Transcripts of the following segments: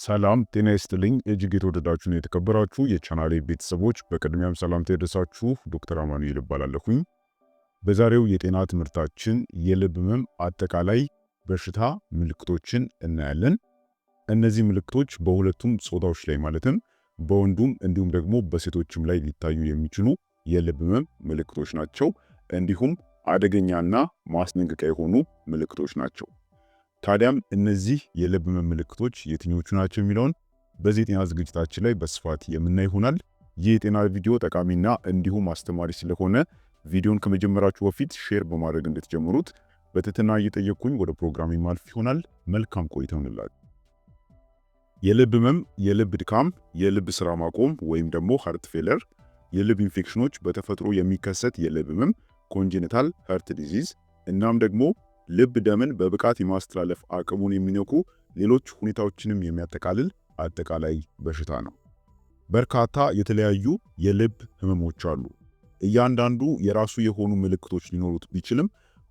ሰላም ጤና ይስጥልኝ እጅግ የተወደዳችሁን የተከበራችሁ የቻናሌ ቤተሰቦች በቅድሚያም ሰላም ይድረሳችሁ። ዶክተር አማኑኤል እባላለሁኝ። በዛሬው የጤና ትምህርታችን የልብ ህመም አጠቃላይ በሽታ ምልክቶችን እናያለን። እነዚህ ምልክቶች በሁለቱም ጾታዎች ላይ ማለትም በወንዱም እንዲሁም ደግሞ በሴቶችም ላይ ሊታዩ የሚችሉ የልብ ህመም ምልክቶች ናቸው። እንዲሁም አደገኛና ማስጠንቀቂያ የሆኑ ምልክቶች ናቸው። ታዲያም እነዚህ የልብ ህመም ምልክቶች የትኞቹ ናቸው የሚለውን በዚህ የጤና ዝግጅታችን ላይ በስፋት የምናይ ይሆናል። ይህ የጤና ቪዲዮ ጠቃሚና እንዲሁም አስተማሪ ስለሆነ ቪዲዮን ከመጀመራችሁ በፊት ሼር በማድረግ እንድትጀምሩት በትህትና እየጠየቅኩኝ ወደ ፕሮግራም ማልፍ ይሆናል። መልካም ቆይታ ይሁንላችሁ። የልብ ህመም፣ የልብ ድካም፣ የልብ ስራ ማቆም ወይም ደግሞ ሀርት ፌለር፣ የልብ ኢንፌክሽኖች፣ በተፈጥሮ የሚከሰት የልብ ህመም ኮንጀኒታል ሀርት ዲዚዝ እናም ደግሞ ልብ ደምን በብቃት የማስተላለፍ አቅሙን የሚነኩ ሌሎች ሁኔታዎችንም የሚያጠቃልል አጠቃላይ በሽታ ነው። በርካታ የተለያዩ የልብ ህመሞች አሉ። እያንዳንዱ የራሱ የሆኑ ምልክቶች ሊኖሩት ቢችልም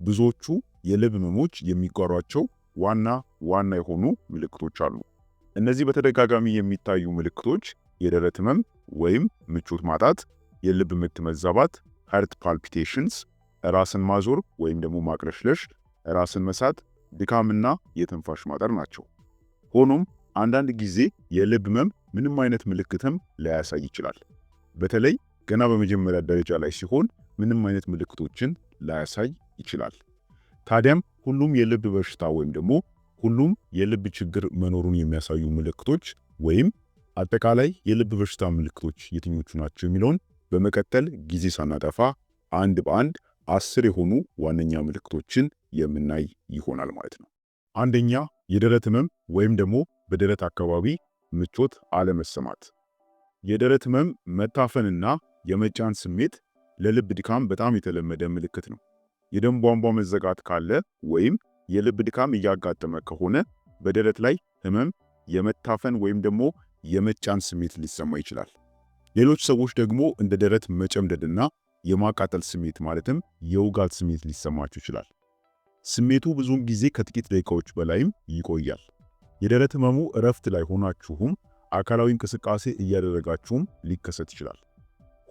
ብዙዎቹ የልብ ህመሞች የሚጓሯቸው ዋና ዋና የሆኑ ምልክቶች አሉ። እነዚህ በተደጋጋሚ የሚታዩ ምልክቶች የደረት ህመም ወይም ምቾት ማጣት፣ የልብ ምት መዛባት፣ ርት ፓልፒቴሽንስ፣ ራስን ማዞር ወይም ደግሞ ማቅለሽለሽ፣ ራስን መሳት፣ ድካምና የትንፋሽ ማጠር ናቸው። ሆኖም አንዳንድ ጊዜ የልብ ህመም ምንም አይነት ምልክትም ላያሳይ ይችላል። በተለይ ገና በመጀመሪያ ደረጃ ላይ ሲሆን ምንም አይነት ምልክቶችን ላያሳይ ይችላል። ታዲያም ሁሉም የልብ በሽታ ወይም ደግሞ ሁሉም የልብ ችግር መኖሩን የሚያሳዩ ምልክቶች ወይም አጠቃላይ የልብ በሽታ ምልክቶች የትኞቹ ናቸው የሚለውን በመቀጠል ጊዜ ሳናጠፋ አንድ በአንድ አስር የሆኑ ዋነኛ ምልክቶችን የምናይ ይሆናል ማለት ነው። አንደኛ የደረት ህመም ወይም ደግሞ በደረት አካባቢ ምቾት አለመሰማት። የደረት ህመም መታፈንና የመጫን ስሜት ለልብ ድካም በጣም የተለመደ ምልክት ነው። የደም ቧንቧ መዘጋት ካለ ወይም የልብ ድካም እያጋጠመ ከሆነ በደረት ላይ ህመም፣ የመታፈን ወይም ደግሞ የመጫን ስሜት ሊሰማ ይችላል። ሌሎች ሰዎች ደግሞ እንደ ደረት መጨምደድና የማቃጠል ስሜት ማለትም የውጋት ስሜት ሊሰማችሁ ይችላል። ስሜቱ ብዙውን ጊዜ ከጥቂት ደቂቃዎች በላይም ይቆያል። የደረት ህመሙ እረፍት ላይ ሆናችሁም አካላዊ እንቅስቃሴ እያደረጋችሁም ሊከሰት ይችላል።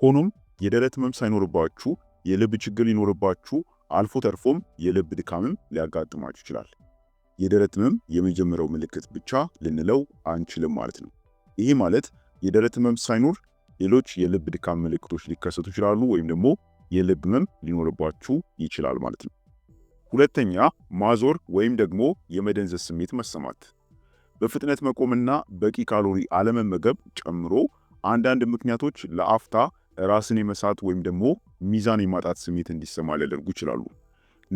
ሆኖም የደረት ህመም ሳይኖርባችሁ የልብ ችግር ሊኖርባችሁ አልፎ ተርፎም የልብ ድካምም ሊያጋጥማችሁ ይችላል። የደረት ህመም የመጀመሪያው ምልክት ብቻ ልንለው አንችልም ማለት ነው። ይህ ማለት የደረት ህመም ሳይኖር ሌሎች የልብ ድካም ምልክቶች ሊከሰቱ ይችላሉ ወይም ደግሞ የልብ ህመም ሊኖርባችሁ ይችላል ማለት ነው። ሁለተኛ ማዞር ወይም ደግሞ የመደንዘዝ ስሜት መሰማት፣ በፍጥነት መቆምና በቂ ካሎሪ አለመመገብ ጨምሮ አንዳንድ ምክንያቶች ለአፍታ ራስን የመሳት ወይም ደግሞ ሚዛን የማጣት ስሜት እንዲሰማ ሊያደርጉ ይችላሉ።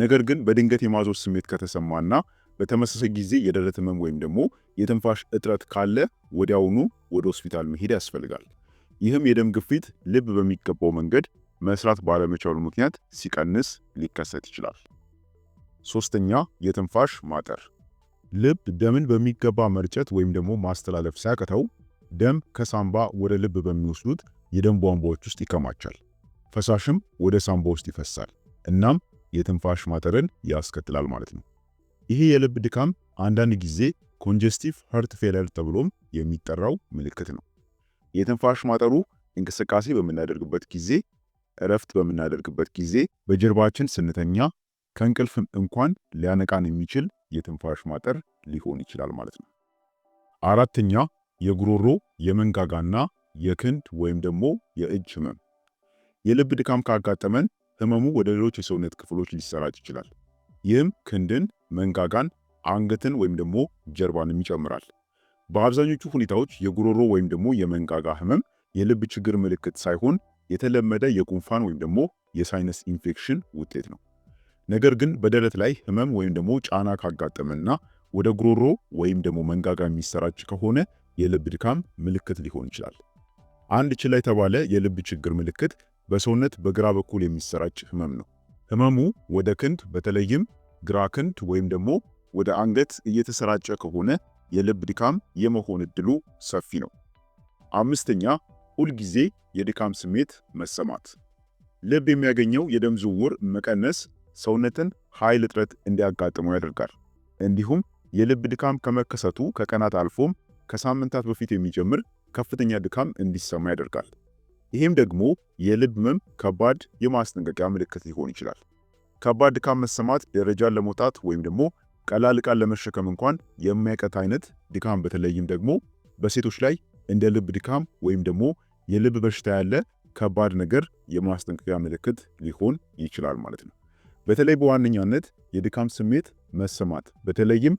ነገር ግን በድንገት የማዞር ስሜት ከተሰማና በተመሳሳይ ጊዜ የደረት ህመም ወይም ደግሞ የትንፋሽ እጥረት ካለ ወዲያውኑ ወደ ሆስፒታል መሄድ ያስፈልጋል። ይህም የደም ግፊት ልብ በሚገባው መንገድ መስራት ባለመቻሉ ምክንያት ሲቀንስ ሊከሰት ይችላል። ሶስተኛ የትንፋሽ ማጠር። ልብ ደምን በሚገባ መርጨት ወይም ደግሞ ማስተላለፍ ሲያቅተው ደም ከሳምባ ወደ ልብ በሚወስዱት የደም ቧንቧዎች ውስጥ ይከማቻል፣ ፈሳሽም ወደ ሳምባ ውስጥ ይፈሳል። እናም የትንፋሽ ማጠርን ያስከትላል ማለት ነው። ይሄ የልብ ድካም አንዳንድ ጊዜ ኮንጀስቲቭ ሀርት ፌለር ተብሎም የሚጠራው ምልክት ነው። የትንፋሽ ማጠሩ እንቅስቃሴ በምናደርግበት ጊዜ፣ እረፍት በምናደርግበት ጊዜ፣ በጀርባችን ስንተኛ ከእንቅልፍ እንኳን ሊያነቃን የሚችል የትንፋሽ ማጠር ሊሆን ይችላል ማለት ነው። አራተኛ የጉሮሮ የመንጋጋና የክንድ ወይም ደግሞ የእጅ ህመም። የልብ ድካም ካጋጠመን ህመሙ ወደ ሌሎች የሰውነት ክፍሎች ሊሰራጭ ይችላል። ይህም ክንድን፣ መንጋጋን፣ አንገትን ወይም ደግሞ ጀርባንም ይጨምራል። በአብዛኞቹ ሁኔታዎች የጉሮሮ ወይም ደግሞ የመንጋጋ ህመም የልብ ችግር ምልክት ሳይሆን የተለመደ የጉንፋን ወይም ደግሞ የሳይነስ ኢንፌክሽን ውጤት ነው። ነገር ግን በደረት ላይ ህመም ወይም ደግሞ ጫና ካጋጠመና ወደ ጉሮሮ ወይም ደግሞ መንጋጋ የሚሰራጭ ከሆነ የልብ ድካም ምልክት ሊሆን ይችላል። አንድ ችላ የተባለ የልብ ችግር ምልክት በሰውነት በግራ በኩል የሚሰራጭ ህመም ነው። ህመሙ ወደ ክንድ በተለይም ግራ ክንድ ወይም ደግሞ ወደ አንገት እየተሰራጨ ከሆነ የልብ ድካም የመሆን እድሉ ሰፊ ነው። አምስተኛ ሁልጊዜ የድካም ስሜት መሰማት። ልብ የሚያገኘው የደም ዝውውር መቀነስ ሰውነትን ኃይል እጥረት እንዲያጋጥመው ያደርጋል። እንዲሁም የልብ ድካም ከመከሰቱ ከቀናት አልፎም ከሳምንታት በፊት የሚጀምር ከፍተኛ ድካም እንዲሰማ ያደርጋል። ይህም ደግሞ የልብ ህመም ከባድ የማስጠንቀቂያ ምልክት ሊሆን ይችላል። ከባድ ድካም መሰማት ደረጃን ለመውጣት ወይም ደግሞ ቀላል ዕቃን ለመሸከም እንኳን የሚያቀት አይነት ድካም በተለይም ደግሞ በሴቶች ላይ እንደ ልብ ድካም ወይም ደግሞ የልብ በሽታ ያለ ከባድ ነገር የማስጠንቀቂያ ምልክት ሊሆን ይችላል ማለት ነው። በተለይ በዋነኛነት የድካም ስሜት መሰማት በተለይም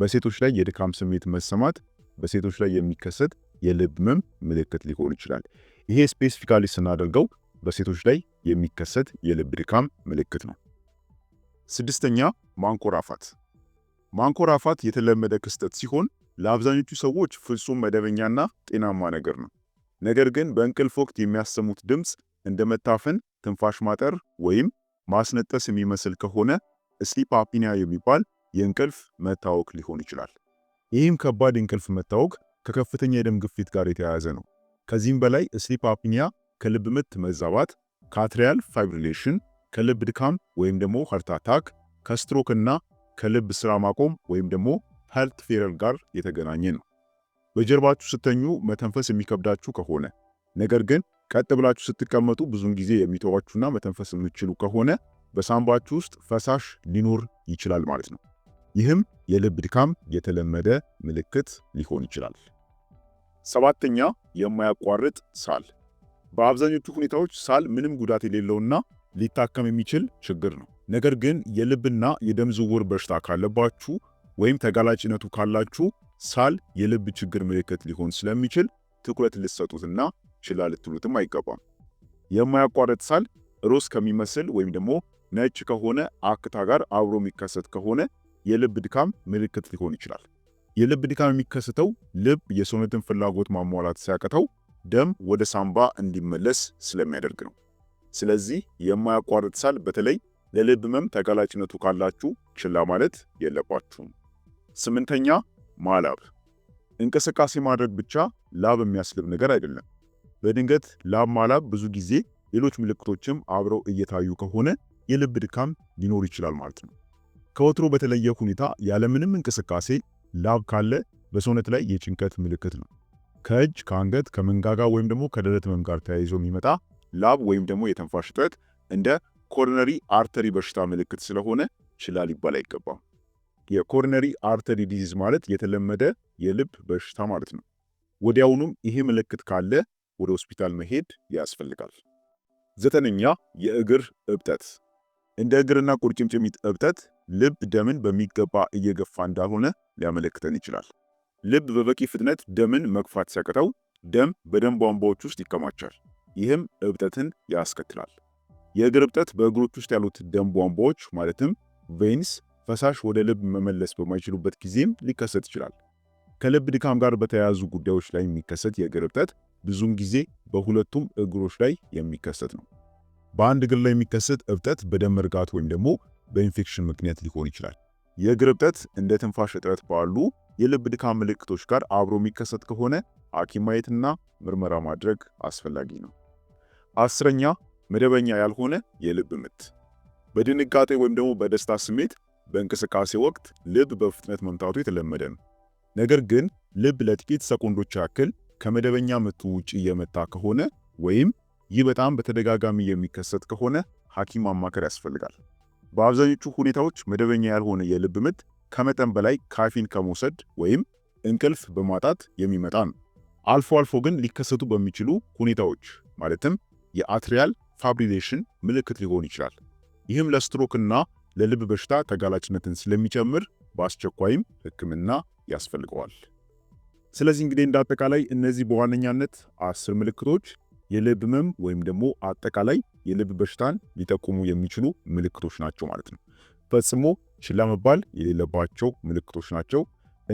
በሴቶች ላይ የድካም ስሜት መሰማት በሴቶች ላይ የሚከሰት የልብ ህመም ምልክት ሊሆን ይችላል። ይሄ ስፔሲፊካሊ ስናደርገው በሴቶች ላይ የሚከሰት የልብ ድካም ምልክት ነው። ስድስተኛ ማንኮራፋት ማንኮራፋት የተለመደ ክስተት ሲሆን ለአብዛኞቹ ሰዎች ፍጹም መደበኛና ጤናማ ነገር ነው። ነገር ግን በእንቅልፍ ወቅት የሚያሰሙት ድምፅ እንደ መታፈን፣ ትንፋሽ ማጠር ወይም ማስነጠስ የሚመስል ከሆነ ስሊፕ አፒኒያ የሚባል የእንቅልፍ መታወክ ሊሆን ይችላል። ይህም ከባድ የእንቅልፍ መታወክ ከከፍተኛ የደም ግፊት ጋር የተያያዘ ነው። ከዚህም በላይ ስሊፕ አፒኒያ ከልብ ምት መዛባት፣ ከአትሪያል ፋይብሪሌሽን፣ ከልብ ድካም ወይም ደግሞ ሀርት አታክ፣ ከስትሮክ እና ከልብ ስራ ማቆም ወይም ደግሞ ሄልት ፌረር ጋር የተገናኘ ነው። በጀርባችሁ ስተኙ መተንፈስ የሚከብዳችሁ ከሆነ ነገር ግን ቀጥ ብላችሁ ስትቀመጡ ብዙን ጊዜ የሚተዋችሁና መተንፈስ የምትችሉ ከሆነ በሳምባችሁ ውስጥ ፈሳሽ ሊኖር ይችላል ማለት ነው። ይህም የልብ ድካም የተለመደ ምልክት ሊሆን ይችላል። ሰባተኛ የማያቋርጥ ሳል። በአብዛኞቹ ሁኔታዎች ሳል ምንም ጉዳት የሌለውና ሊታከም የሚችል ችግር ነው። ነገር ግን የልብና የደም ዝውውር በሽታ ካለባችሁ ወይም ተጋላጭነቱ ካላችሁ ሳል የልብ ችግር ምልክት ሊሆን ስለሚችል ትኩረት ልትሰጡትና ችላ ልትሉትም አይገባም። የማያቋርጥ ሳል ሮዝ ከሚመስል ወይም ደግሞ ነጭ ከሆነ አክታ ጋር አብሮ የሚከሰት ከሆነ የልብ ድካም ምልክት ሊሆን ይችላል። የልብ ድካም የሚከሰተው ልብ የሰውነትን ፍላጎት ማሟላት ሲያቅተው ደም ወደ ሳምባ እንዲመለስ ስለሚያደርግ ነው። ስለዚህ የማያቋርጥ ሳል በተለይ ለልብ ህመም ተጋላጭነቱ ካላችሁ ችላ ማለት የለባችሁም። ስምንተኛ ማላብ። እንቅስቃሴ ማድረግ ብቻ ላብ የሚያስልብ ነገር አይደለም። በድንገት ላብ ማላብ ብዙ ጊዜ ሌሎች ምልክቶችም አብረው እየታዩ ከሆነ የልብ ድካም ሊኖር ይችላል ማለት ነው። ከወትሮ በተለየ ሁኔታ ያለምንም እንቅስቃሴ ላብ ካለ በሰውነት ላይ የጭንቀት ምልክት ነው። ከእጅ፣ ከአንገት፣ ከመንጋጋ ወይም ደግሞ ከደረት ህመም ጋር ተያይዞ የሚመጣ ላብ ወይም ደግሞ የተንፋሽ እጥረት እንደ ኮሮነሪ አርተሪ በሽታ ምልክት ስለሆነ ችላ ሊባል አይገባም። የኮሮነሪ አርተሪ ዲዚዝ ማለት የተለመደ የልብ በሽታ ማለት ነው። ወዲያውኑም ይሄ ምልክት ካለ ወደ ሆስፒታል መሄድ ያስፈልጋል። ዘጠነኛ የእግር እብጠት። እንደ እግርና ቁርጭምጭሚት እብጠት ልብ ደምን በሚገባ እየገፋ እንዳልሆነ ሊያመለክተን ይችላል። ልብ በበቂ ፍጥነት ደምን መግፋት ሲያቅተው ደም በደም ቧንቧዎች ውስጥ ይከማቻል። ይህም እብጠትን ያስከትላል። የእግር እብጠት በእግሮች ውስጥ ያሉት ደም ቧንቧዎች ማለትም ቬንስ ፈሳሽ ወደ ልብ መመለስ በማይችሉበት ጊዜም ሊከሰት ይችላል። ከልብ ድካም ጋር በተያያዙ ጉዳዮች ላይ የሚከሰት የእግር እብጠት ብዙውን ጊዜ በሁለቱም እግሮች ላይ የሚከሰት ነው። በአንድ እግር ላይ የሚከሰት እብጠት በደም እርጋት ወይም ደግሞ በኢንፌክሽን ምክንያት ሊሆን ይችላል። የእግር እብጠት እንደ ትንፋሽ እጥረት ባሉ የልብ ድካም ምልክቶች ጋር አብሮ የሚከሰት ከሆነ ሐኪም ማየትና ምርመራ ማድረግ አስፈላጊ ነው። አስረኛ መደበኛ ያልሆነ የልብ ምት፣ በድንጋጤ ወይም ደግሞ በደስታ ስሜት በእንቅስቃሴ ወቅት ልብ በፍጥነት መምታቱ የተለመደ ነው። ነገር ግን ልብ ለጥቂት ሰኮንዶች ያክል ከመደበኛ ምቱ ውጪ የመታ ከሆነ ወይም ይህ በጣም በተደጋጋሚ የሚከሰት ከሆነ ሐኪም ማማከር ያስፈልጋል። በአብዛኞቹ ሁኔታዎች መደበኛ ያልሆነ የልብ ምት ከመጠን በላይ ካፊን ከመውሰድ ወይም እንቅልፍ በማጣት የሚመጣ ነው። አልፎ አልፎ ግን ሊከሰቱ በሚችሉ ሁኔታዎች ማለትም የአትሪያል ፋብሪሌሽን ምልክት ሊሆን ይችላል። ይህም ለስትሮክና ለልብ በሽታ ተጋላጭነትን ስለሚጨምር በአስቸኳይም ሕክምና ያስፈልገዋል። ስለዚህ እንግዲህ እንዳጠቃላይ እነዚህ በዋነኛነት አስር ምልክቶች የልብ ህመም ወይም ደግሞ አጠቃላይ የልብ በሽታን ሊጠቁሙ የሚችሉ ምልክቶች ናቸው ማለት ነው። ፈጽሞ ችላ መባል የሌለባቸው ምልክቶች ናቸው።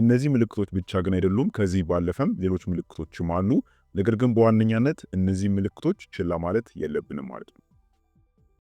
እነዚህ ምልክቶች ብቻ ግን አይደሉም። ከዚህ ባለፈም ሌሎች ምልክቶችም አሉ። ነገር ግን በዋነኛነት እነዚህ ምልክቶች ችላ ማለት የለብንም ማለት ነው።